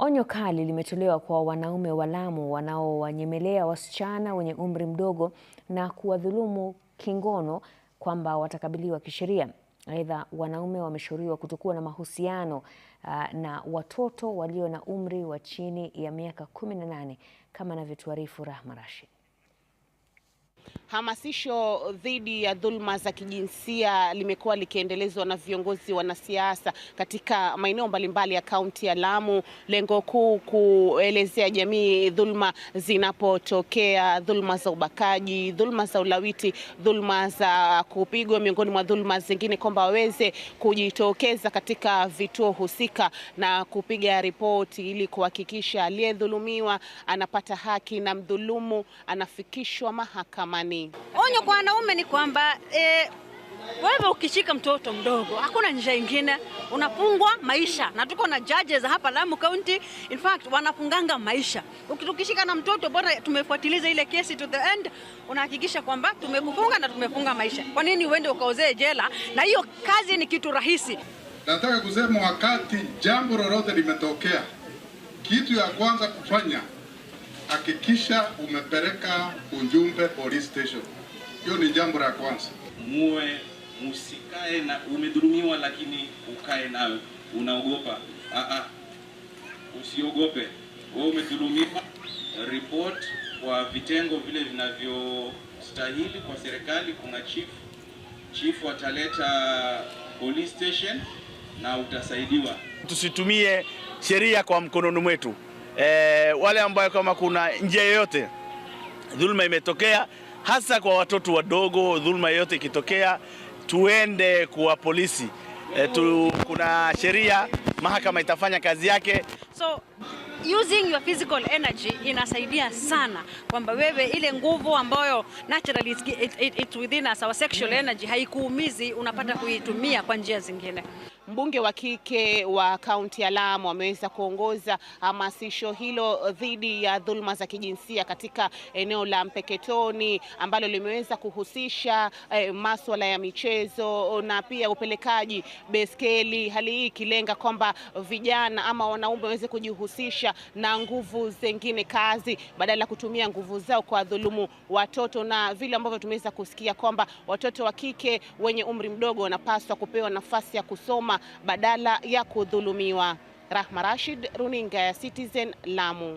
Onyo kali limetolewa kwa wanaume wa Lamu wanaowanyemelea wasichana wenye umri mdogo na kuwadhulumu kingono kwamba watakabiliwa kisheria. Aidha, wanaume wameshauriwa kutokuwa na mahusiano uh, na watoto walio na umri wa chini ya miaka 18 kama anavyotuarifu Rahma Rashid. Hamasisho dhidi ya dhulma za kijinsia limekuwa likiendelezwa na viongozi wanasiasa katika maeneo mbalimbali ya kaunti ya Lamu, lengo kuu kuelezea jamii dhulma zinapotokea, dhulma za ubakaji, dhulma za ulawiti, dhulma za kupigwa, miongoni mwa dhulma zingine, kwamba waweze kujitokeza katika vituo husika na kupiga ripoti ili kuhakikisha aliyedhulumiwa anapata haki na mdhulumu anafikishwa mahakamani jamii. Onyo kwa wanaume ni kwamba e, wewe ukishika mtoto mdogo hakuna njia ingine, unapungwa maisha, na tuko na judges hapa Lamu County, in fact wanafunganga maisha. Ukishika na mtoto bora, tumefuatiliza ile kesi to the end, unahakikisha kwamba tumekufunga na tumefunga maisha. Kwa nini uende ukaozee jela? Na hiyo kazi ni kitu rahisi. Nataka kusema wakati jambo lolote limetokea, kitu ya kwanza kufanya hakikisha umepeleka ujumbe police station. Hiyo ni jambo la kwanza. Muwe musikae na umedhulumiwa, lakini ukae nawe unaogopa. Aa, ah, ah. usiogope. Wewe umedhulumiwa, report kwa vitengo vile vinavyostahili kwa serikali. Kuna chief, chief ataleta police station na utasaidiwa. Tusitumie sheria kwa mkononi mwetu e, wale ambayo kama kuna njia yoyote dhulma imetokea hasa kwa watoto wadogo, dhulma yoyote ikitokea, tuende kuwa polisi e, tu, kuna sheria, mahakama itafanya kazi yake. So using your physical energy inasaidia sana kwamba wewe ile nguvu ambayo naturally it, it, it within us our sexual energy haikuumizi, unapata kuitumia kwa njia zingine. Mbunge wa kike wa kaunti ya Lamu ameweza kuongoza hamasisho hilo dhidi ya dhuluma za kijinsia katika eneo la Mpeketoni ambalo limeweza kuhusisha eh, masuala ya michezo na pia upelekaji beskeli, hali hii ikilenga kwamba vijana ama wanaume waweze kujihusisha na nguvu zingine kazi badala ya kutumia nguvu zao kwa dhulumu watoto, na vile ambavyo tumeweza kusikia kwamba watoto wa kike wenye umri mdogo wanapaswa kupewa nafasi ya kusoma badala ya kudhulumiwa. Rahma Rashid, runinga ya Citizen, Lamu.